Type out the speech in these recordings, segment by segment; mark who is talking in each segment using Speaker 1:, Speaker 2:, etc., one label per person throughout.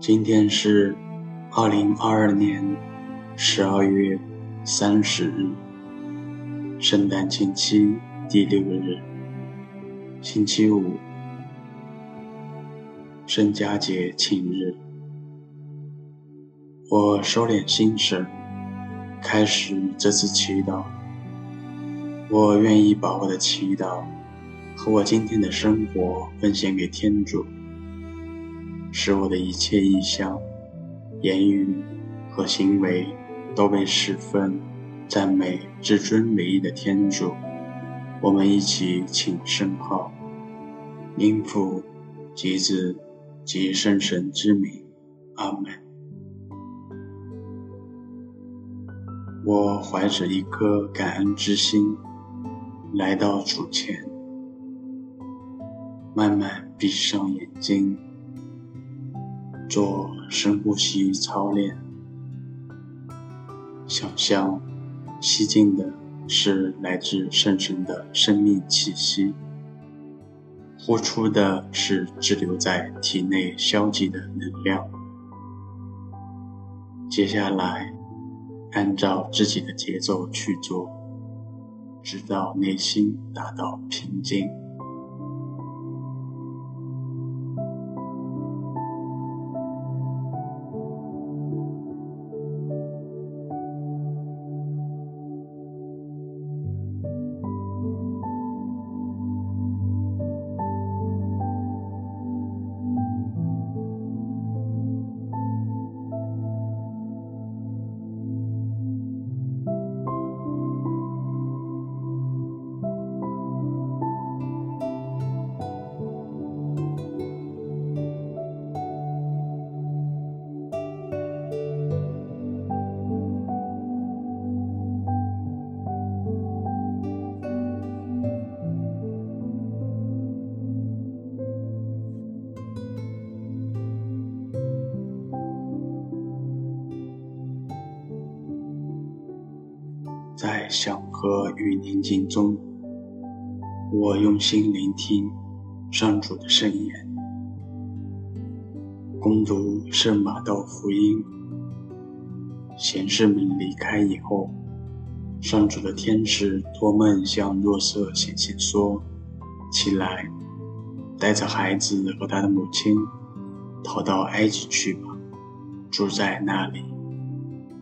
Speaker 1: 今天是。二零二二年十二月三十日，聖誕慶期第六日，星期五，聖家節慶日。我收斂心神，開始這次祈禱。我願意把我的祈禱和我今天的生活奉獻給天主，使我的一切意向。言語和行為都為侍奉讚美至尊唯一的天主。我們一起請聖號：因父及子及聖神之名。阿門。我懷着一顆感恩之心來到主前，慢慢閉上眼睛。做深呼吸操練，想象吸進的是來自聖神的生命氣息，呼出的是滯留在體內消極的能量。接下來，按照自己的節奏去做，直到內心達到平靜。祥和與寧靜中，我用心聆聽上主的聖言，恭讀聖瑪竇福音。賢士們離開以後，上主的天使托夢向若瑟顯現說：“起來，帶着孩子和他的母親，逃到埃及去吧，住在那裡，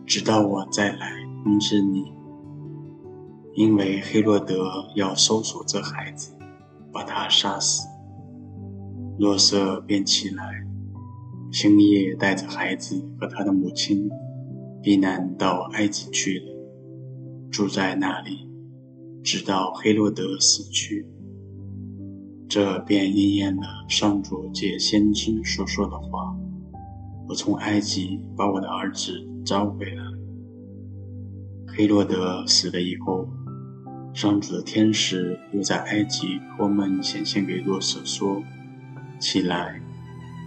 Speaker 1: 直到我再來通知、嗯、你。”因為黑落德要搜索這孩子，把他殺死。若瑟便起來，星夜帶着孩子和他的母親，避難到埃及去了，住在那裡，直到黑落德死去。這便應驗了上主藉先知所說，說的話：“我從埃及把我的兒子召回來。”黑落德死了以後，上主的天使又在埃及托夢顯現給若瑟，說：“起來，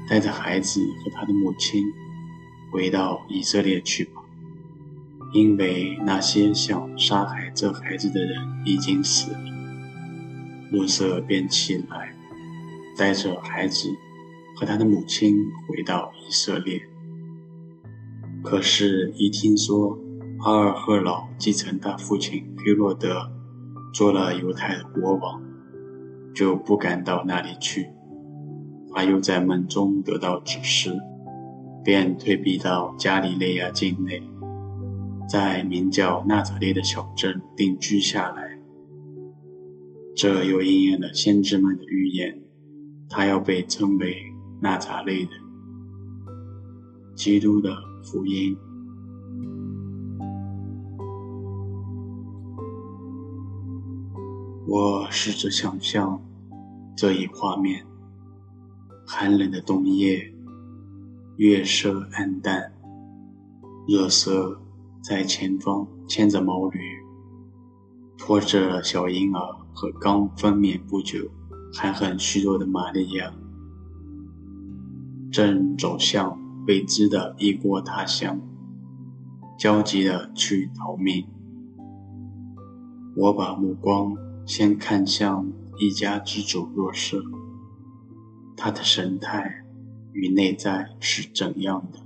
Speaker 1: 帶着孩子和他的母親回到以色列去吧，因為那些想殺害這孩子的人已經死了。”若瑟便起來，帶着孩子和他的母親回到以色列。可是，一聽說阿爾赫勞繼承他父親黑洛德。作了猶太的國王，就不敢到那裡去。他又在夢中得到指示，便退避到加里肋亞境內，在名叫納匝肋的小鎮定居下來。這又應驗了先知們的預言，他要被稱為納匝肋人。基督的福音。我試着想象這一畫面：寒冷的冬夜，月色暗淡，若瑟在前方牽着毛驢，拖着小嬰兒和剛分娩不久、還很虛弱的瑪利亞，正走向未知的異國他鄉，焦急地去逃命。我把目光先看向一家之主若瑟，他的神態與內在是怎樣的？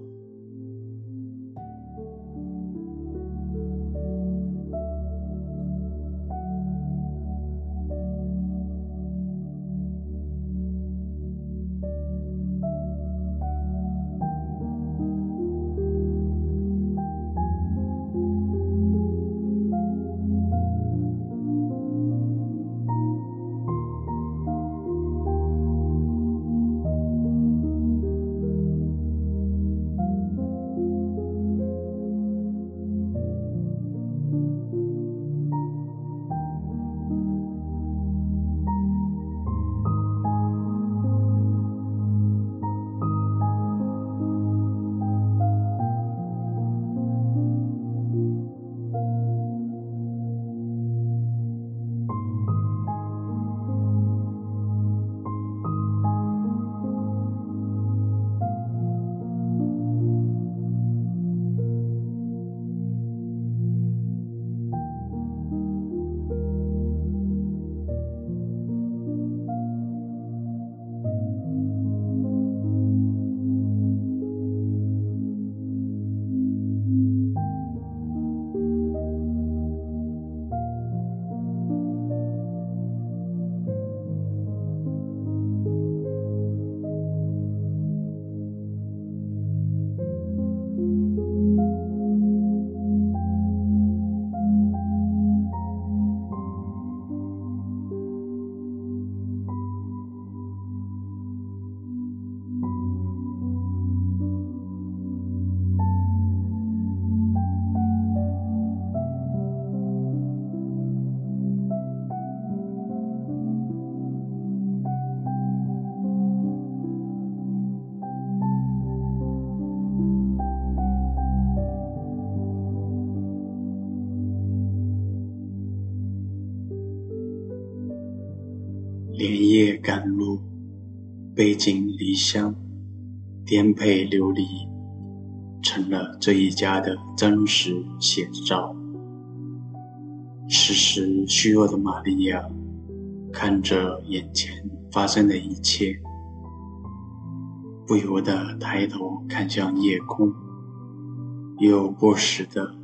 Speaker 1: 連夜趕路，背井離鄉，顛沛流離，成了這一家的真實寫照。此時，時虛弱的瑪利亞看着眼前發生的一切，不由得抬頭看向夜空，又不時的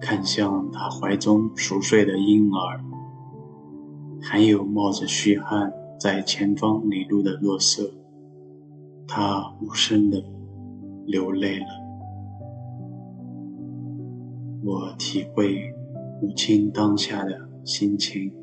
Speaker 1: 看向她懷中熟睡的嬰兒。還有冒着虛汗在前方領路的若瑟，她無聲的流淚了。我體會母親當下的心情。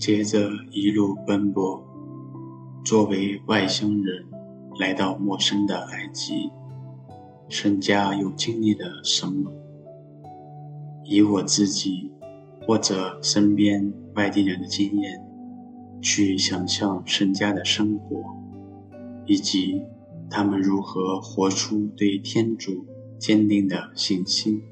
Speaker 1: 接着一路奔波，作為外鄉人來到陌生的埃及，聖家又經歷了什麼？以我自己或者身邊外地人的經驗，去想象聖家的生活，以及他們如何活出對天主堅定的信心。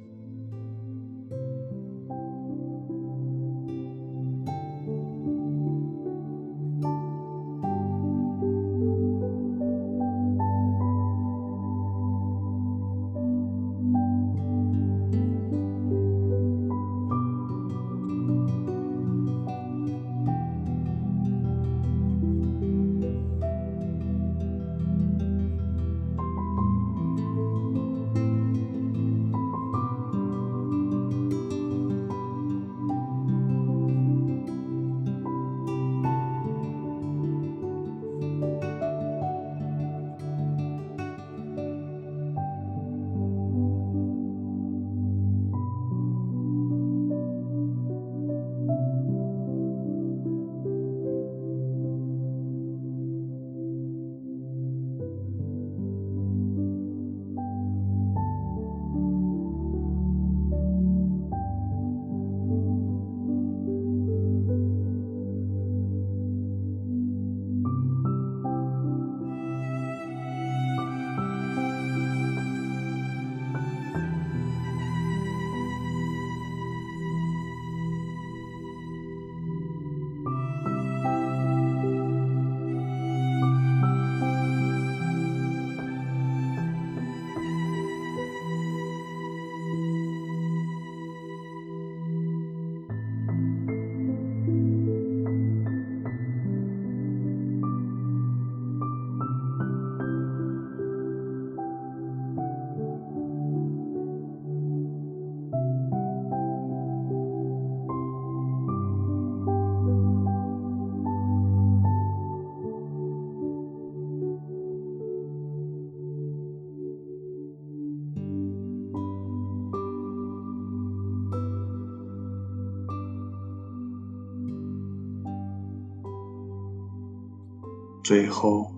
Speaker 1: 最後，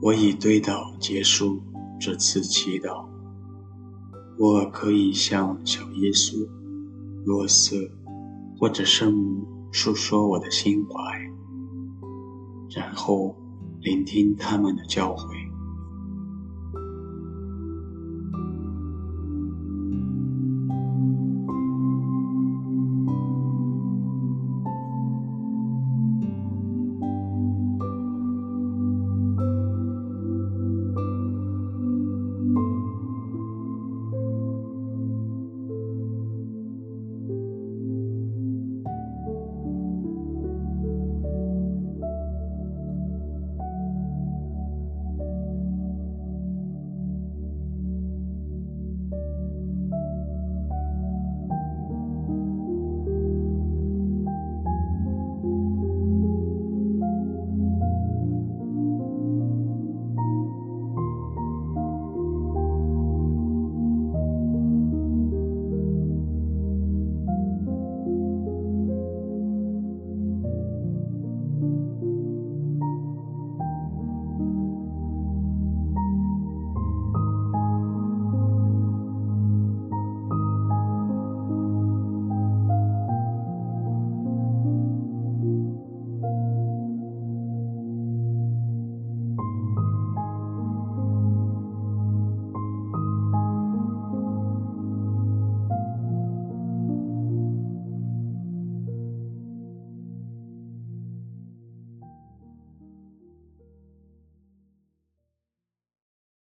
Speaker 1: 我以對禱結束這次祈禱。我可以向小耶穌、若瑟或者聖母訴說我的心懷，然後聆聽他們的教誨。